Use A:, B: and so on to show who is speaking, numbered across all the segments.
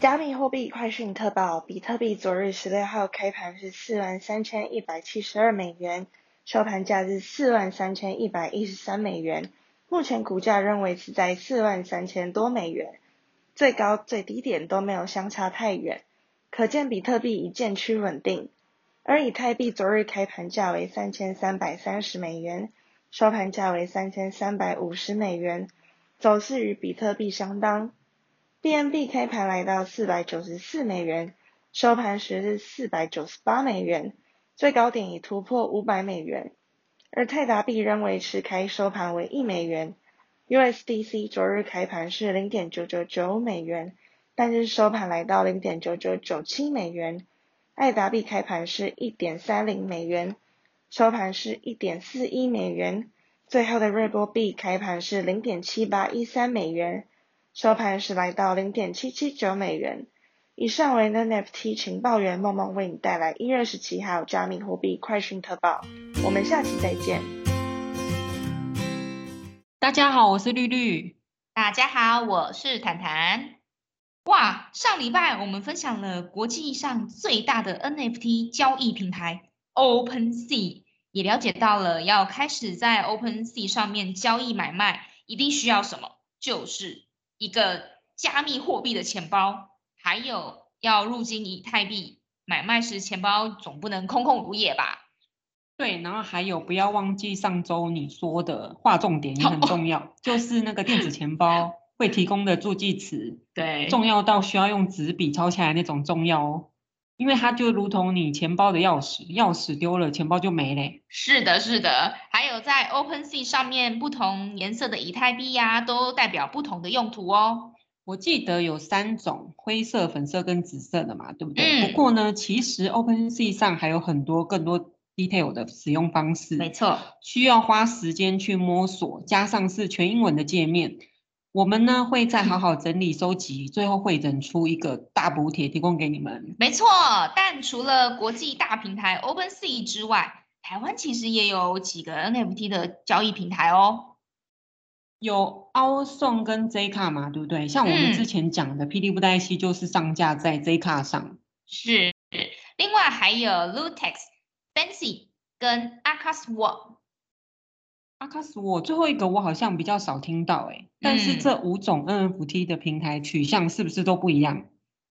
A: 加密貨幣快訊特報：比特幣昨日十六號開盤是四萬三千一百七十二美元，收盤價是四萬三千一百一十三美元，目前股價仍維持在四萬三千多美元，最高最低點都沒有相差太遠，可見比特幣已漸趨穩定。而以太幣昨日開盤價為三千三百三十美元，收盤價為三千三百五十美元，走勢與比特幣相當。BNB 開盤來到四百九十四美元，收盤時是四百九十八美元，最高點已突破五百美元。而泰達幣仍維持開收盤為一美元。USDC 昨日開盤是零點九九九美元，但是收盤來到零點九九九七美元。愛達幣開盤是一點三零美元，收盤是一點四一美元。最後的瑞波幣開盤是零點七八一三美元。收盤時來到零點七七九美元。以上為 NFT 情報員夢夢為你帶來一月十七號加密貨幣快訊特報。我們下期再見。
B: 大家好，我是綠綠。大家好，我是坦坦。哇，上禮拜我們分享了國際上最大的 NFT 交易平台 OpenSea，也了解到了要開始在 OpenSea 上面交易買賣，一定需要什麼，就是。一個加密貨幣的錢包，還有要入金以太幣買賣時，錢包總不能空空如也吧？
C: 對，然後還有不要忘記上周你說的劃重點也很重要，oh. 就是那個電子錢包會提供的助記詞，對， 重要到需要用紙筆抄起來那種重要哦。因為它就如同你錢包的鑰匙，鑰匙丟了，錢包就沒嘞。是的，是的。
B: 還有在 OpenSea 上面，不同顏色的以太幣呀、啊，都代表不同的用途哦。我記
C: 得有三種，灰色、粉色跟紫色的嘛，對不對？嗯，不過呢，其實 OpenSea 上還有很多更多 detail 的使用方式。沒錯。需要花時間去摸索，加上是全英文的界面。我們呢，會再好好整理收集，嗯、最後會整出一個大補帖提供給你們。
B: 沒錯，但除了國際大平台 OpenSea 之外，台灣其實也有幾個 NFT 的交易平台哦，
C: 有 OurSong 跟 J 卡嘛，對不對？像我們之前講的 P.D. 布袋戲就是上架在 J 卡上，嗯，是。
B: 另外還有 Lootex Fancy 跟 akaSwap
C: 阿卡索，啊、我最後一個我好像比較少聽到哎、欸，但是這五種 NFT 的平台取向是不是都不一樣？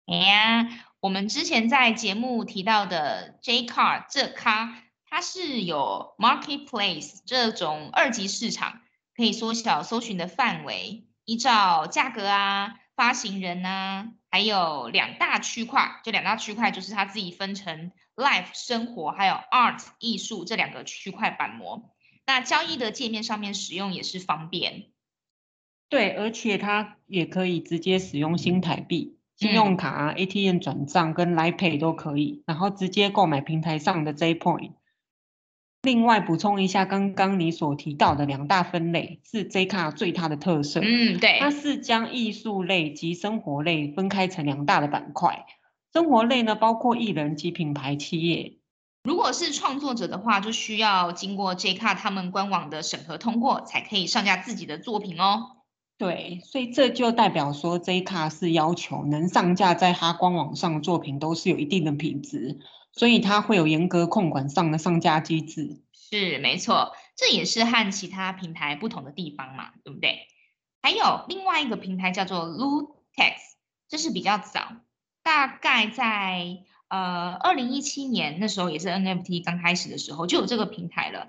B: 哎呀、嗯欸啊，我們之前在節目提到的 Jcard 這卡，它是有 Marketplace 這種二級市場，可以縮小搜尋的範圍，依照價格啊、發行人啊，還有兩大區塊，就兩大區塊就是它自己分成 Life 生活還有 Art 藝術這兩個區塊板模。那交易的界面上面使用也是方便，
C: 對，而且它也可以直接使用新台幣、信用卡、嗯、ATM 轉賬跟 Line Pay 都可以，然後直接購買平台上的 J Point。另外補充一下，剛剛你所提到的兩大分類是 Jcard 最大的特色，嗯，對，它是將藝術類及生活類分開成兩大的板塊，生活類呢包括藝人及品牌企業。
B: 如果是創作者的話，就需要經過 Jcard 他們官網的審核通過，才可以上架自己的作品哦。
C: 對，所以這就代表說，Jcard 是要求能上架在他官網上的作品都是有一定的品質，所以他會有嚴格控管上的上架機制。
B: 是，沒錯，這也是和其他平台不同的地方嘛，對不對？還有另外一個平台叫做 Lootex，這是比較早，大概在。呃，二零一七年那時候也是 NFT 剛開始的時候，就有這個平台了。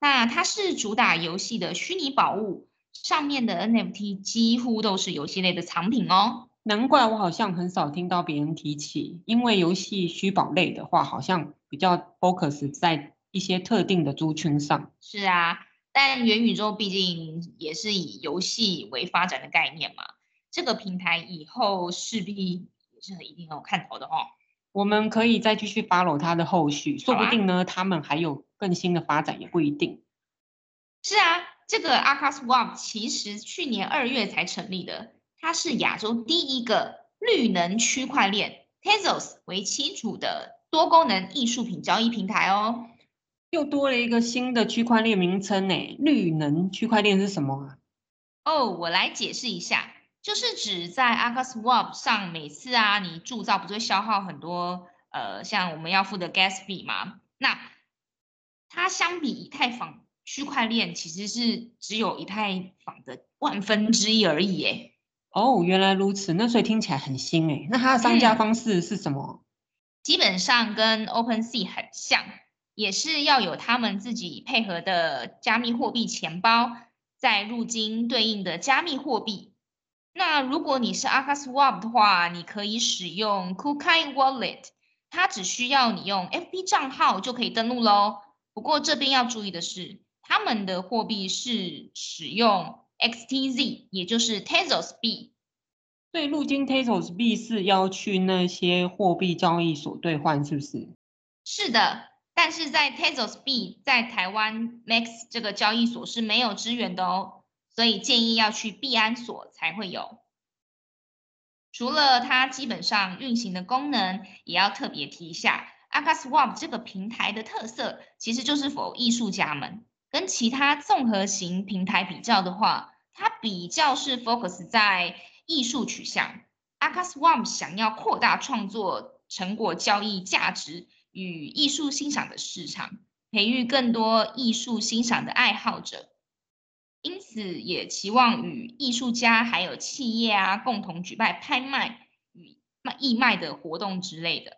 B: 那它是主打遊戲的虛擬寶
C: 物，上面的 NFT 幾乎都是遊戲類的藏品哦。難怪我好像很少聽到別人提起，因為遊戲虛寶類的話，好像比較 focus 在一些特定的族群上。
B: 是啊，但元宇宙畢竟也是以遊戲為發展的概念嘛，這個平台以後勢必也是很一定很有看頭的哦。
C: 我們可以再繼續 follow 他的後續，說不定呢，啊、他們還有更新的發展也不一定
B: 是啊。這個 akaSwap 其實去年二月才成立的，它是亞洲第一個綠能區塊鏈，Tezos 為基礎的多功能藝術品交易平
C: 台哦。又多了一個新的區塊鏈名稱誒，綠能區塊鏈是什麼啊？
B: 哦，我來解釋一下。就是指在 akaSwap 上，每次啊你鑄造不就會消耗很多呃，像我們要付的 gas fee 嘛。那它相比以太坊區塊鏈其實是只有以
C: 太坊的萬分之一而已。誒，哦，原來如此，那所以聽起來很新誒。那它的商家方式是什麼？嗯、
B: 基本上跟 OpenSea 很像，也是要有他們自己配合的加密貨幣錢包，再入金對應的加密貨幣。那如果你是 akaSwap 的話，你可以使用 Kukai Wallet，它只需要你用 FB 賬號就可以登錄嘍。不過這邊要注意的是，他們的貨幣是使用 XTZ，也就是 Tezos 幣。
C: 對，入金 Tezos 幣是要去那些貨幣交易所兌換，是不是？
B: 是的，但是在 Tezos 幣，在台灣 Max 這個交易所是沒有支援的哦。所以建議要去幣安所才會有。除了它基本上運行的功能，也要特別提一下 akaSwap 這個平台的特色，其實就是 for 藝術家們，跟其他綜合型平台比較的話，它比較是 focus 在藝術取向。akaSwap 想要擴大創作成果交易價值與藝術欣賞的市場，培育更多藝術欣賞的愛好者。因此也期望與藝術家還有企業啊，共同舉辦拍賣與賣義賣的活動之類的。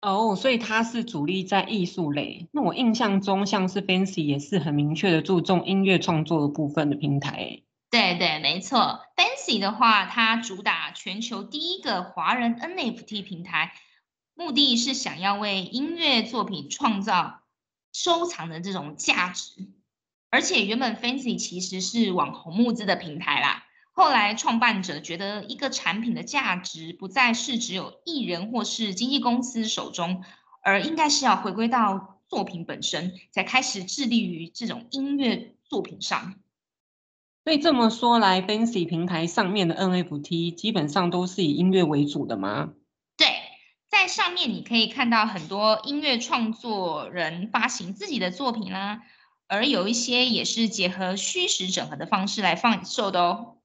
C: 哦，oh, 所以它是主力在藝術類。那我印象中，像是 Fancy 也是很明確的注重音樂創作的部分的平台欸。
B: 對對，沒錯。Fancy 的話，它主打全球第一個華人 NFT 平台，目的是想要為音樂作品創造收藏的這種價值。而且原本 Fancy 其實是網紅募資的平台啦，後來創辦者覺得一個產品的價值不再是只有藝人或是經紀公司手中，而應該是要回歸到作品本身，才開始致力於這種音樂作品上。所
C: 以這麼說來，Fancy 平台上面的 NFT 基本上都是以音樂為主的嗎？
B: 對，在上面你可以看到很多音樂創作人發行自己的作品啦、啊。而有一些也是結合虛實整合的方式來販售的哦，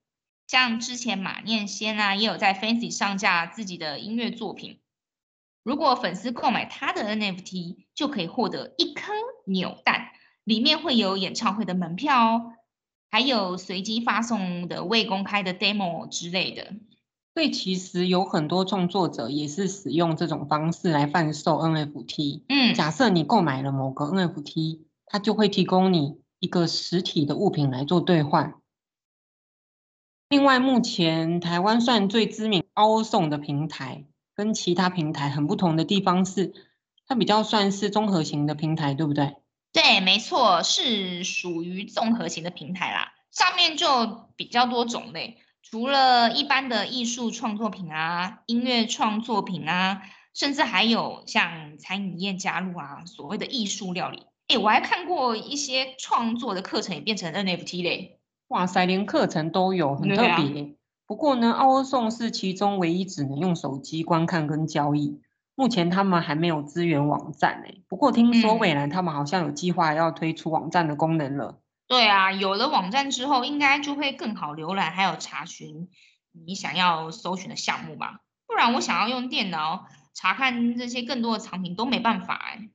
B: 像之前馬念先啊，也有在 Fancy 上架自己的音樂作品。如果粉絲購買他的 NFT，就可以獲得一顆扭蛋，裡面會有演唱會的門票哦，還有隨機發送的未公開的 demo 之類的。
C: 對，其實有很多創作者也是使用這種方式來販售 NFT。嗯，假設你購買了某個 NFT。它就會提供你一個實體的物品來做兌換。另外，目前台灣算最知名 OurSong 的平台，跟其他平台很不同的地方是，它比較算是綜合型的平台，對不對？
B: 對，沒錯，是屬於綜合型的平台啦。上面就比較多種類，除了一般的藝術創作品啊、音樂創作品啊，甚至還有像餐飲業加入啊，所謂的藝術料理。哎、欸，我還看過一些創作的課程也變成 NFT 嘞、欸。
C: 哇塞，連課程都有，很特別、欸。啊、不過呢，OurSong 是其中唯一只能用手機觀看跟交易，目前他們還沒有資源網站哎、欸。不過聽說未來他們好像有計劃要推出網站的功能了。嗯、
B: 對啊，有了網站之後，應該就會更好瀏覽，還有查詢你想要搜尋的項目吧？不然我想要用電腦查看這些更多的藏品都沒辦法誒、欸。嗯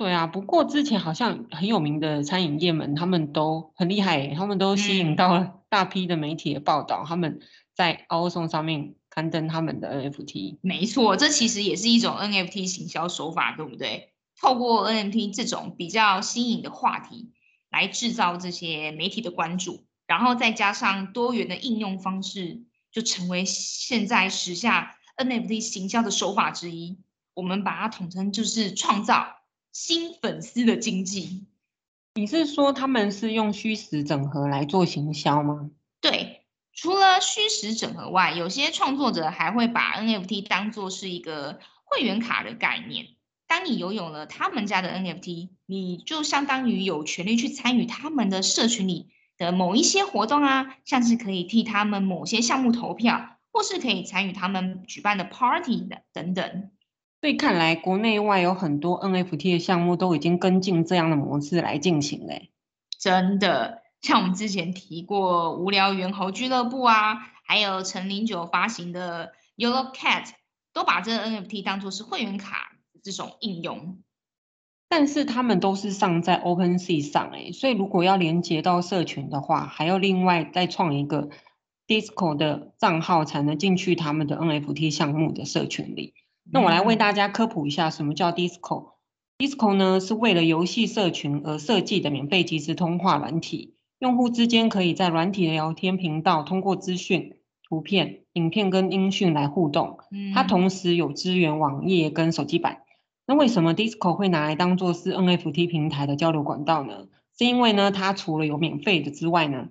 C: 對啊，不過之前好像很有名的餐飲業們，他們都很厲害、欸，他們都吸引到了大批的媒體的報道，嗯、他們在 o 歐送上面刊登他們的 NFT。沒錯，這其實也是一種 NFT 行銷手法，對不對？透
B: 過 NFT 這種比較新穎的話題來製造這些媒體的關注，然後再加上多元的應用方式，就成為現在時下 NFT 行銷的手法之一。我們把它統稱就是創造新粉絲的經濟，
C: 你是說他們是用虛實整合來做行銷嗎？
B: 對，除了虛實整合外，有些創作者還會把 NFT 當作是一個會員卡的概念。當你擁有了他們家的 NFT，你就相當於有權利去參與他們的社群裡的某一些活動啊，像是可以替他們某些項目投票，或是可以參與他們舉辦的 party 的等等。
C: 所以看來國內外有很多 NFT 的項目都已經跟進這樣的模式來進行了欸。真的，像我們之
B: 前提過“無聊猿猴俱樂部”啊，還有陳零九發行的 “YOLO CAT”，都把這 NFT 當作是會員卡這種應用。
C: 但是他們都是上在 OpenSea 上誒、欸，所以如果要連接到社群的話，還要另外再創一個 Discord 的賬號才能進去他們的 NFT 項目的社群裡。嗯、那我來為大家科普一下，什麼叫 Discord。Discord 呢，是為了遊戲社群而設計的免費即時通話軟體，用戶之間可以在軟體的聊天頻道，通過資訊、圖片、影片跟音訊來互動。它同時有支援網頁跟手機版。嗯、那為什麼 Discord 會拿來當做是 NFT 平台的交流管道呢？是因為呢，它除了有免費的之外呢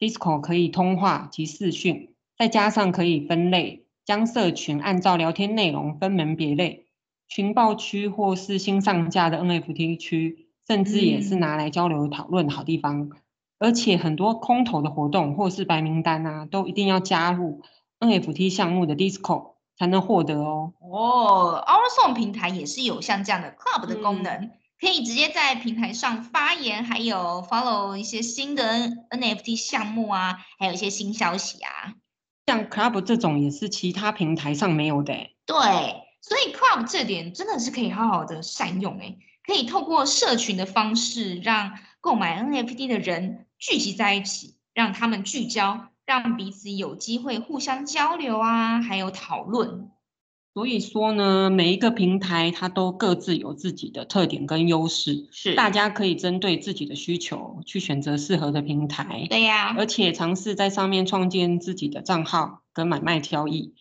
C: ，Discord 可以通話及視訊，再加上可以分類。將社群按照聊天內容分門別類，群報區或是新上架的 NFT 區，甚至也是拿來交流討論的好地方。嗯、而且很多空投的活動或是白名單啊，都一定要加入 NFT 項目的 Discord 才能獲得
B: 哦。哦，OurSong 平台也是有像這樣的 Club 的功能，嗯、可以直接在平台上發言，還有 follow 一些新的 N NFT 項目啊，還有一些新消息啊。
C: 像 Club 這種也是其他平台上沒有的，欸，
B: 對，所以 Club 這點真的是可以好好的善用，欸，哎，可以透過社群的方式讓購買 NFT 的人聚集在一起，讓他們聚焦，讓彼此有機會互相交流啊，還有討
C: 論。所以說呢，每一個平台它都各自有自己的特點跟優勢，是大家可以針對自己的需求去選擇適合的平台，對呀、啊，而且嘗試在上面創建自己的賬號跟買賣交易，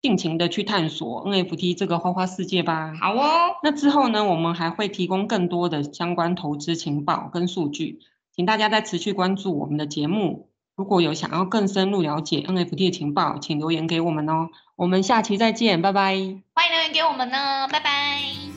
C: 盡情的去探索 NFT 這個花花世界吧。好哦，那之後呢，我們還會提供更多的相關投資情報跟數據，請大家再持續關注我們的節目。如果有想要更深入了解 NFT 的情報，請留言給我們哦。我們下期再見，拜拜。
B: 歡迎留言給我們呢，拜拜。